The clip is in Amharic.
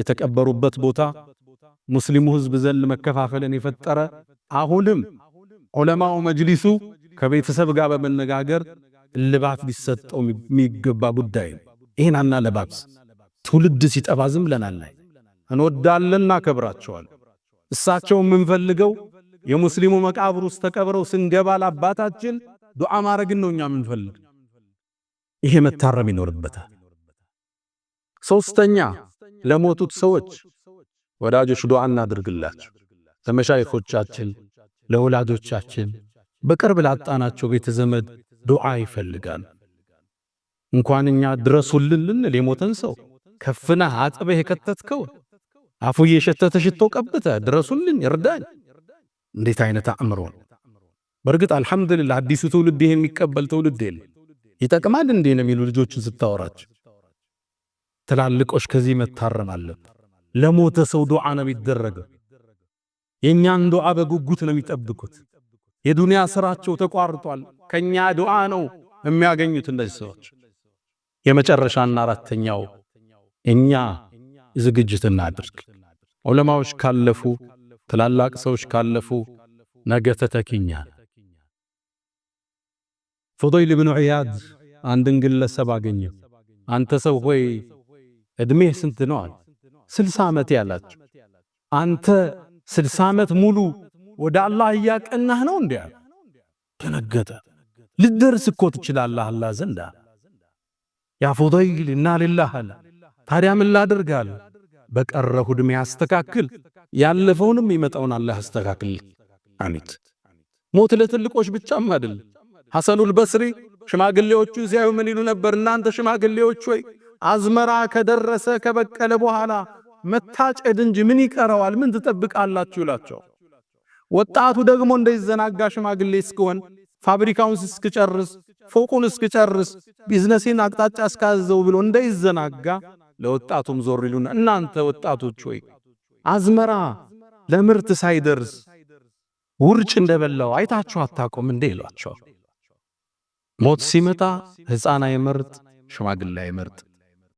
የተቀበሩበት ቦታ ሙስሊሙ ህዝብ ዘንድ መከፋፈልን የፈጠረ አሁንም ዑለማው መጅሊሱ ከቤተሰብ ጋር በመነጋገር እልባት ሊሰጠው የሚገባ ጉዳይ ነው። ይህን አናለባብስ። ትውልድ ሲጠፋ ዝም ብለናል። እንወዳለን፣ እናከብራቸዋለን። እሳቸው የምንፈልገው የሙስሊሙ መቃብር ውስጥ ተቀብረው ስንገባ ለአባታችን ዱዓ ማድረግን ነው እኛ የምንፈልግ። ይሄ መታረም ይኖርበታል። ሶስተኛ ለሞቱት ሰዎች ወዳጆች ዱዓ እናድርግላቸው። ለመሻይኾቻችን፣ ለወላጆቻችን፣ በቅርብ ላጣናቸው ቤተ ዘመድ ዱዓ ይፈልጋል። እንኳን እኛ ድረሱልን ልንል የሞተን ሰው ከፍና አጥበህ የከተትከው አፉዬ እየሸተተ ሽቶ ቀብተ ድረሱልን ይርዳኝ፣ እንዴት አይነት አእምሮ ነው! በእርግጥ አልሐምዱሊላህ አዲሱ ትውልድ ይሄ የሚቀበል ትውልድ የለ። ይጠቅማል እንዴ ነው የሚሉ ልጆችን ስታወራቸው ትላልቆች ከዚህ መታረም አለብን። ለሞተ ሰው ዱዓ ነው የሚደረገ። የእኛን ዱዓ በጉጉት ነው የሚጠብቁት። የዱንያ ስራቸው ተቋርጧል። ከኛ ዱዓ ነው የሚያገኙት እነዚህ ሰዎች። የመጨረሻና አራተኛው እኛ ዝግጅት እናድርግ። ዑለማዎች ካለፉ፣ ትላላቅ ሰዎች ካለፉ ነገ ተተኪኛ ፉደይል ብኑ ዒያድ አንድን ግለሰብ አገኘው። አንተ ሰው ሆይ እድሜህ ስንት ነው አለ። ስልሳ ዓመት ያላችሁ አንተ ስልሳ ዓመት ሙሉ ወደ አላህ እያቀናህ ነው እንዴ? አለ። ደነገጠ። ልደርስ እኮ ትችላለህ አላህ ዘንድ አለ። ያ ፉደይል እና ሊላህ አለ። ታዲያ ምን ላደርግ አለ። በቀረሁ እድሜ አስተካክል፣ ያለፈውንም ይመጣውን አላህ አስተካክል። አሚት ሞት ለትልቆች ብቻም አይደለም። ሐሰኑል በስሪ ሽማግሌዎቹ ሲያዩ ምን ይሉ ነበር? እናንተ ሽማግሌዎች ወይ አዝመራ ከደረሰ ከበቀለ በኋላ መታጨድ እንጂ ምን ይቀረዋል? ምን ትጠብቃላችሁ? ይላቸው። ወጣቱ ደግሞ እንዳይዘናጋ ሽማግሌ እስክሆን ፋብሪካውን እስክጨርስ ፎቁን እስክጨርስ ቢዝነሴን አቅጣጫ እስካዘው ብሎ እንዳይዘናጋ ለወጣቱም ዞር ይሉና እናንተ ወጣቶች ሆይ አዝመራ ለምርት ሳይደርስ ውርጭ እንደበላው አይታችሁ አታቆም እንዴ? ይሏቸዋል። ሞት ሲመጣ ሕፃን አይመርጥ፣ ሽማግሌ አይመርጥ።